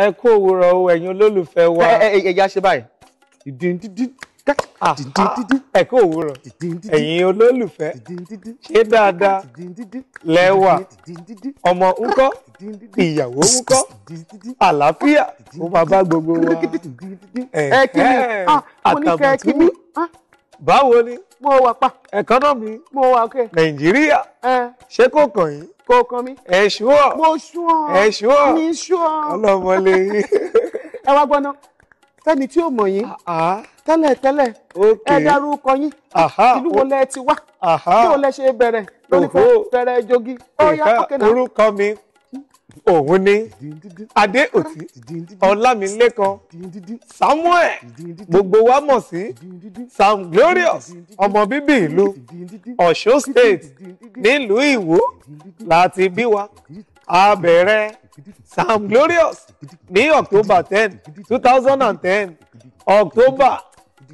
ẹ kú òwúrọ̀ o ẹ̀yin olólùfẹ́ wa. ẹ ẹ ẹyà ṣe báyìí. ẹ kú òwúrọ̀ ẹ̀yin olólùfẹ́ ṣé dáadáa lẹ́wà ọmọ ńkọ́ ìyàwó ńkọ́ àlàáfíà ó máa bá gbogbo wa. ẹ kí ni àtàbùtù báwo ni mo wà pa. economy mo wà ok. nàìjíríà ṣé kò kàn yín. kò kàn mí. ẹ ṣúọ. mo ṣúọ. ẹ ṣúọ. mi ṣúọ. ọlọmọlẹ yín. ẹ wá gbọ́ná tẹ́ni tí ò mọ̀ yín tẹ́lẹ̀ tẹ́lẹ̀ ẹ dárúkọ yín ìlú wo lẹ ti wá kí wo lẹ ṣe bẹ̀rẹ̀ lórí fẹ́rẹ̀ jogi. orúkọ mi òun ni adéòtí ọlámilékan samuel gbogbo wa mọ̀ sí sam glorious ọmọ bíbí ìlú ọ̀ṣun state nílùú ìwó láti bí wa a bẹ̀rẹ̀ sam glorious ní october ten two thousand and ten october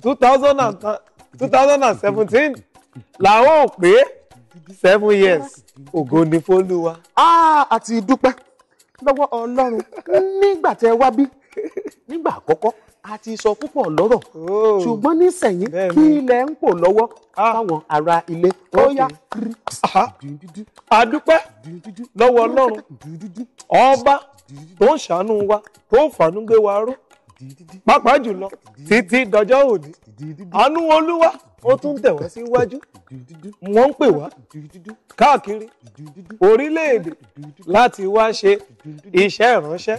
two thousand and two thousand and seventeen làwọn ò pé seven years ògo ni f'Olúwa. Ah, a àti dúpẹ́ lọ́wọ́ ọlọ́run nígbà tẹ wá bí nígbà àkọ́kọ́ a ti sọ púpọ̀ lọ́rọ̀ oh. ṣùgbọ́n nísẹ̀yìn kí ilẹ̀ ń pò lọ́wọ́ ah. fáwọn ará ilé ó yá kiri. àdúpẹ́ lọ́wọ́ ọlọ́run ọba tó ń ṣàánú wa tó ń fàánú gé wa ró pàápàá jùlọ títí dọjọ́ òní àánú olúwa ó tún tẹ̀ wá síwájú wọ́n ń pè wá káàkiri orílẹ̀-èdè láti wá ṣe iṣẹ́ ìránṣẹ́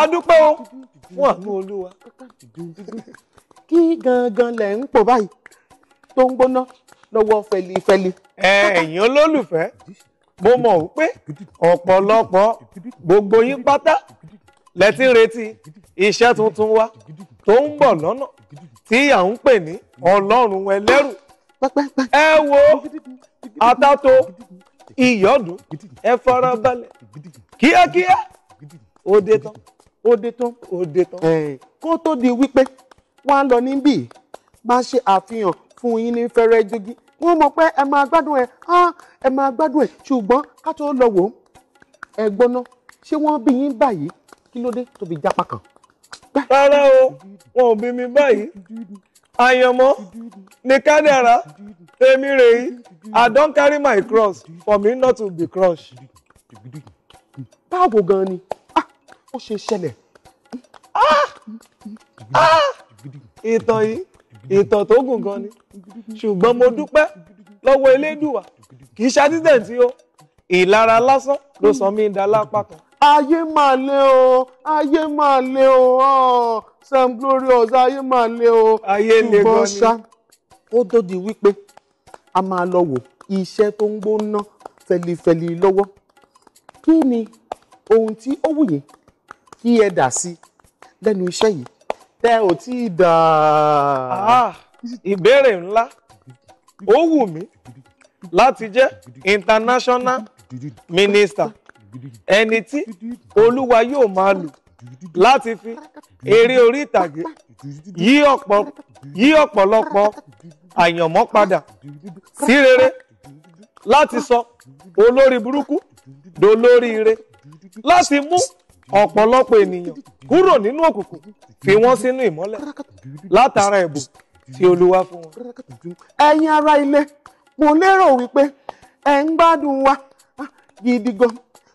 adúpẹ́ o fún àánú olúwa. kí gangan lẹ̀ ń pò báyìí tó ń gbóná lọ́wọ́ fẹlifẹli. ẹ̀yin olólùfẹ́ mo mọ̀ wípé ọ̀pọ̀lọpọ̀ gbogbo yín pátá lẹ ti ń retí iṣẹ́ tuntun wa tó ń bọ̀ lọ́nà tí à ń pè ní ọlọ́run ẹlẹ́rù ẹ wo àtàtò ìyọ́dún ẹ farabalẹ̀ kíákíá òde tán òde tán òde tán. kó tó di wípé wọn á lọ níbí máa ṣe àfihàn fún yín ní fẹrẹ jogi wọn mọ pé ẹ máa gbádùn ẹ ẹ máa gbádùn ẹ ṣùgbọ́n ká tó lọ wò ó ẹ gbọ́ná ṣé wọ́n bí yín báyìí kí ló dé tó fi kan rárá o wọn ò bí mi báyìí àyànmọ́ ni kádàrá tèmi rèé i don carry my cross for me not to be crushed. báwo gan ni ah, ó ṣe ṣẹlẹ̀ ah, ah. ìtàn yìí ìtàn tó gùn gan ni ṣùgbọ́n mo dúpẹ́ lọ́wọ́ elédùà kì í ṣàdídẹ̀ntì o ìlara lásán ló sọ mí dá lápá kan ayé máa le o ayé máa le o Sam Glorious ayé máa le o ni ṣùgbọ́n ṣá ó tó di wípé a máa lọ wò iṣẹ́ tó ń gbóná fẹlifẹli lọ́wọ́ kí ni ohun tí ó wù yín kí ẹ dà sí lẹ́nu iṣẹ́ yìí tẹ́ ò tí ì dà. Ah, ìbéèrè ńlá ó wù mí láti jẹ́ international minister ẹni tí olúwa yóò máa lò láti fi eré orí ìtàgé yí ọ̀pọ̀lọpọ̀ àyànmọ́ padà sí rere láti sọ olórí burúkú dolórí ire láti mú ọ̀pọ̀lọpọ̀ ènìyàn kúrò nínú òkùnkùn fi wọ́n sínú ìmọ́lẹ̀ látara ẹ̀bùn tí olúwa fún wọn. ẹ̀yin ará ilé mo lérò wípé ẹ̀ ń gbádùn wa gidi gan-an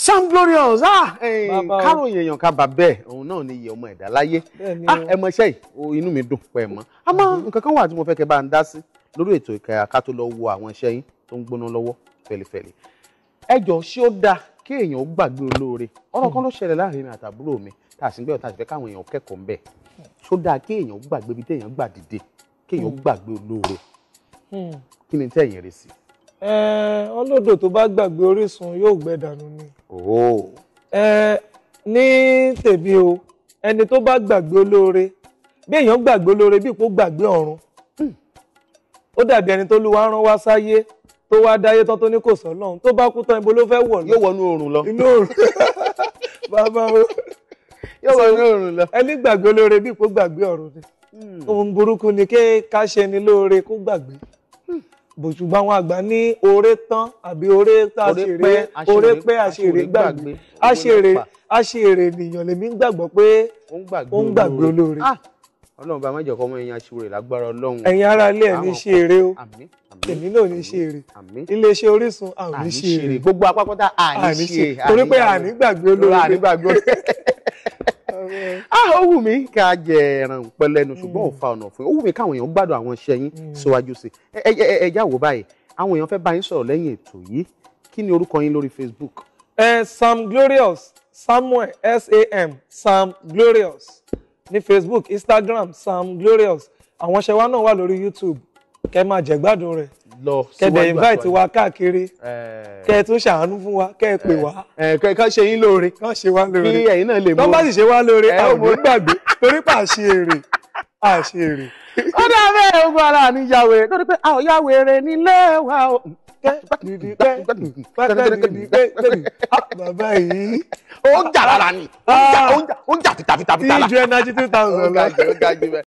sam glorious ah káròyìn èèyàn kábà bẹ́ẹ̀ òun náà ni iye ọmọ ẹ̀dá láyé ah ẹ mọ iṣẹ́ yìí inú mi dùn pé ẹ mọ àmọ́ nǹkan kan wà tí mo fẹ́ kẹ́ bá ń dá sí lórí ètò ìkẹyà ká tó lọ wo àwọn iṣẹ́ yín tó ń gbóná lọ́wọ́ fẹlifẹli ẹ ṣé ó dáa kí èèyàn gbàgbé olóore ọ̀rọ̀ kan ló ṣẹlẹ̀ láàrin mi àtàbúrò mi tá a sì ń gbé ọ̀tá àti fẹ́ káwọn èèyàn kẹ́kọ̀ọ́ ń bẹ̀ ṣó dáa kí èèyàn gbàgbé ibi téèyàn gbà kí èèyàn hmm. gbàgbé olóore hmm. kí ni tẹ́yìn rẹ̀ sí i ọlọ́dọ̀ tó bá gbàgbé orísun yóò gbẹ dànù ni. ní tèmi o ẹni tó bá gbàgbé olóore bí èèyàn gbàgbé olóore bí kò gbàgbé ọ̀run ó dàbí ẹni tó lu wá rán wá sáyé tó wá dáyé tán tó ní kò sọ lọ́hùn tó bá kú tán ibo ló fẹ́ wọ̀ lọ. yóò wọnú oòrùn lọ. inú oòrùn bàbá o yóò wọnú oòrùn lọ. ẹni gbàgbé olóore bí kò gbàgbé ọ̀run ni. Hmm. ohun burúkú ni kí ká ṣe ni lóore kó gbàgbé bùsùgbọ́n àwọn àgbà ní oré tán àbí oré tá a ṣe rè oré pé a ṣe rè gbàgbé a ṣe rè a ṣe rè nìyàn lèmi ń gbàgbọ́ pé ó ń gbàgbé olóore. Ah! ọlọ́run bá mẹ́jọ kọ́ mọ́ ẹ̀yin aṣèrè lágbára ọlọ́run. ẹ̀yin ara ilé ẹ̀ ní ṣe eré o èmi náà ní ṣe eré iléeṣẹ́ Orísun àwọn ṣe eré gbogbo apákọ́tà àní ṣe torí pé àní gbàgbé olóore. ó wù mí ká jẹ ẹran pẹlẹnu mm. ṣùgbọ́n ò fa ọ̀nà fún ó wù mí káwọn èèyàn gbádùn àwọn iṣẹ́ yín mm. síwájú sí i ẹ já wò báyìí àwọn èèyàn fẹ́ bá yín sọ̀rọ̀ lẹ́yìn ètò yìí kí ni orúkọ yín lórí Facebook. ẹ Sam Glorious Samuel S-A-M Sam Glorious ní Facebook Instagram Sam Glorious àwọn ṣẹwà náà wà lórí YouTube kẹ́ máa jẹ gbádùn rẹ̀ lọ síwájú àpọ̀ kẹ̀dẹ̀ invite wa káàkiri eh. kẹ́ ẹ tún ṣàánú fún wa kẹ́ ẹ pè wá. Eh, eh, kẹ́ ẹ ṣe yín lóore. kọ́ ṣe wá lóore kí ẹ̀yin náà lè mú wa. tọ́ bá sì ṣe wá lóore a ò ní gbàgbé torí pà ṣe èrè a ṣe èrè. ó dá bẹ́ẹ̀ ogun ara ní yàwé lórí pé àwọn yàwé rẹ̀ nílé wa o. bàbá yìí. ó ń jà lára ni ó ń jà títàfítàfítà la. tí ju ẹnájí two thousand lọ.